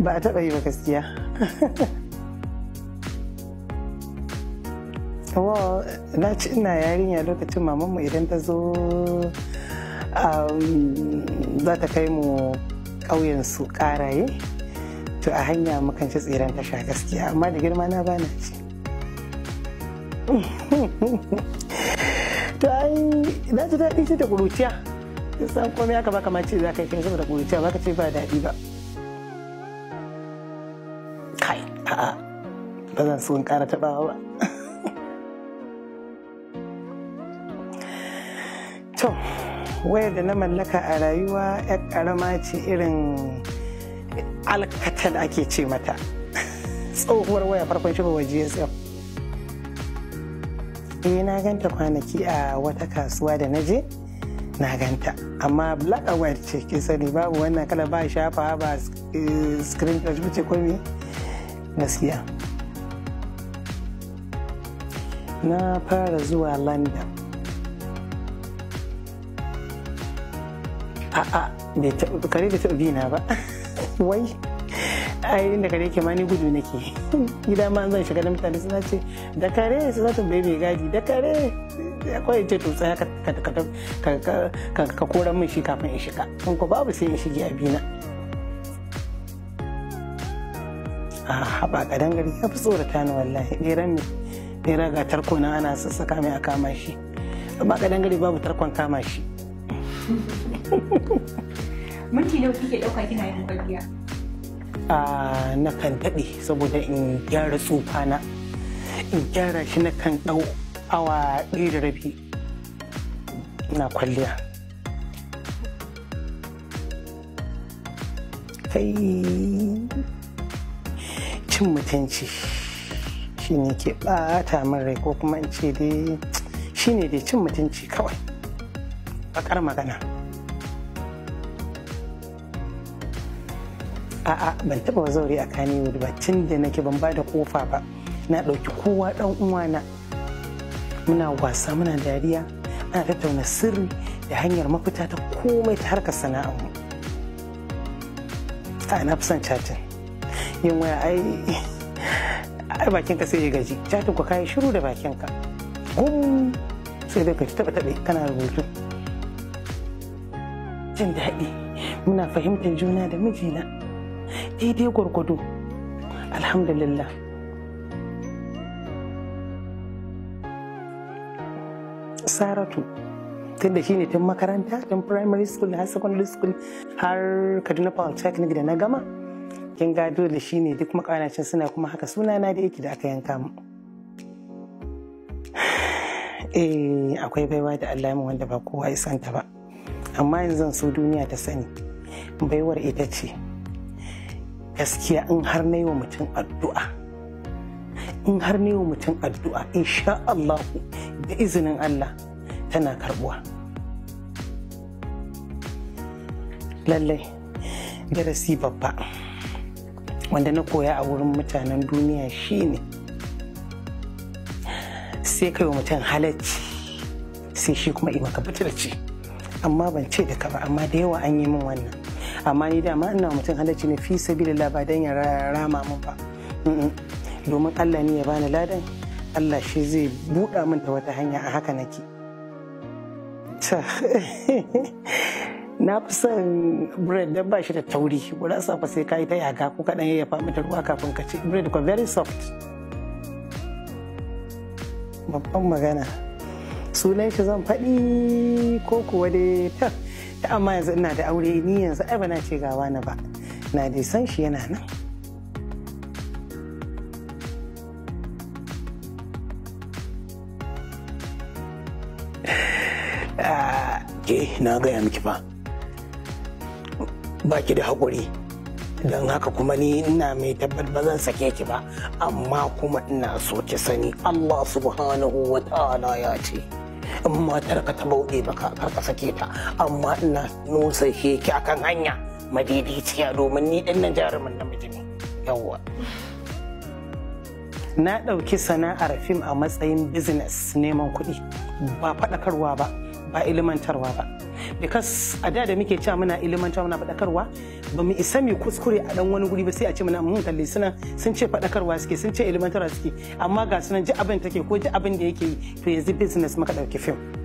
ba a taɓa yi ba gaskiya wa na ci ina yarinya lokacin mamanmu idan ta zo za ta kai mu ƙauyen su ƙaraye to a hanya mukan ci tseren tasha gaskiya amma da girma na bana ci to ai na ci daɗi ce da ƙuruciya san komai aka baka ma ce za ka yi kin da ƙuruciya ba ka ce ba daɗi ba a'a ba zan so in ƙara taɓawa ba to wayar da na mallaka a rayuwa ya karama ce irin alkatan ake ce mata tsohuwar waya farkon shi ba gsm eh na ganta kwanaki a wata kasuwa da naje na ganta amma black and white ce ke sani babu wannan kala ba shafa ba eh, screen touch ce ko me gaskiya na fara zuwa london a'a kare da taɓa bina ba wai yi da kare ke ma ni gudu nake gida ma zan shiga da mutane suna ce da kare su za ta bai gadi da kare akwai ce tutsa ya ka kora min shi kafin in shiga ko babu sai in shige a bina. a haba kadan gari ya fi tsorata ni wallahi beran ne bera ga tarko na ana sassaka mai a kama shi amma kadan gari babu tarkon kama shi minti nawa kike ɗauka kina yin kwalliya a na kan daɗe saboda in gyara tsufa na in gyara shi na kan ɗau awa ɗaya da rabi na kwalliya kai cin mutunci shi ne ke bata min rai ko kuma in ce dai shi ne dai cin mutunci kawai bakar magana a'a ban taɓa zaure a wuri ba tun da nake ban ba da kofa ba na ɗauki kowa ɗan uwana muna wasa muna dariya ana tattauna sirri da hanyar mafita ta komai ta harkar mu a na fi son cajin yin waya ai ai sai ya gaji chatin ka kai shiru da bakin ka gum sai dai ka ci taba tabe kana rubutu jin daɗi muna fahimtar juna da mijina daidai gwargwado alhamdulillah saratu tun da shi ne tun makaranta tun primary school har secondary school har kaduna polytechnic da na gama kin ga dole shi ne duk makanacin suna kuma haka suna na da yake da aka yanka mu eh akwai baiwa da Allah mu wanda ba kowa ya santa ba amma yanzu so duniya ta sani baiwar ita ce gaskiya in har na yi wa mutum addu'a in har na yi wa mutum addu'a insha Allah da izinin Allah tana karbuwa lallai darasi babba wanda na koya a wurin mutanen duniya shine sai kai wa mutum halacci sai shi kuma ima fitarci amma ban ce da ka ba amma da yawa an yi min wannan amma ni dama ina mutum halacci ne fi sabi da dan ya rama min ba domin Allah ne ya bani ladan Allah shi zai buɗa min ta wata hanya a haka nake na fi son bread don ba shi da tauri ba za fa sai kayi ta yaga ko kaɗan ya yafa mata ruwa kafin ka ci bread ko very soft babban magana sunan shi zan faɗi ko kuwa dai amma yanzu ina da aure ni yanzu ai ba na ce gawa na ba na dai san shi yana nan ah, Eh na gaya miki ba baki da hakuri don haka kuma ni ina mai tabbat ba zan sake ki ba amma kuma ina so ki sani Allah subhanahu wa ta'ala ya ce in matar ka ta bauɗe baka ka sake ta amma ina nusa ki akan hanya madaidaiciya domin ni din nan jarumin namiji ne yawwa na ɗauki sana'ar fim a matsayin business neman kuɗi ba faɗakarwa ba ba ilimantarwa ba because a da da muke cewa muna ilimantarwa muna fadakarwa ba mu isa mu kuskure a dan wani guri ba sai a ce muna mun mm, kalli suna sun ce faɗakarwa suke sun ce ilimantarwa suke amma ga sunan ji abin take ko ji abin da yake yi to yanzu business muka ɗauki fim.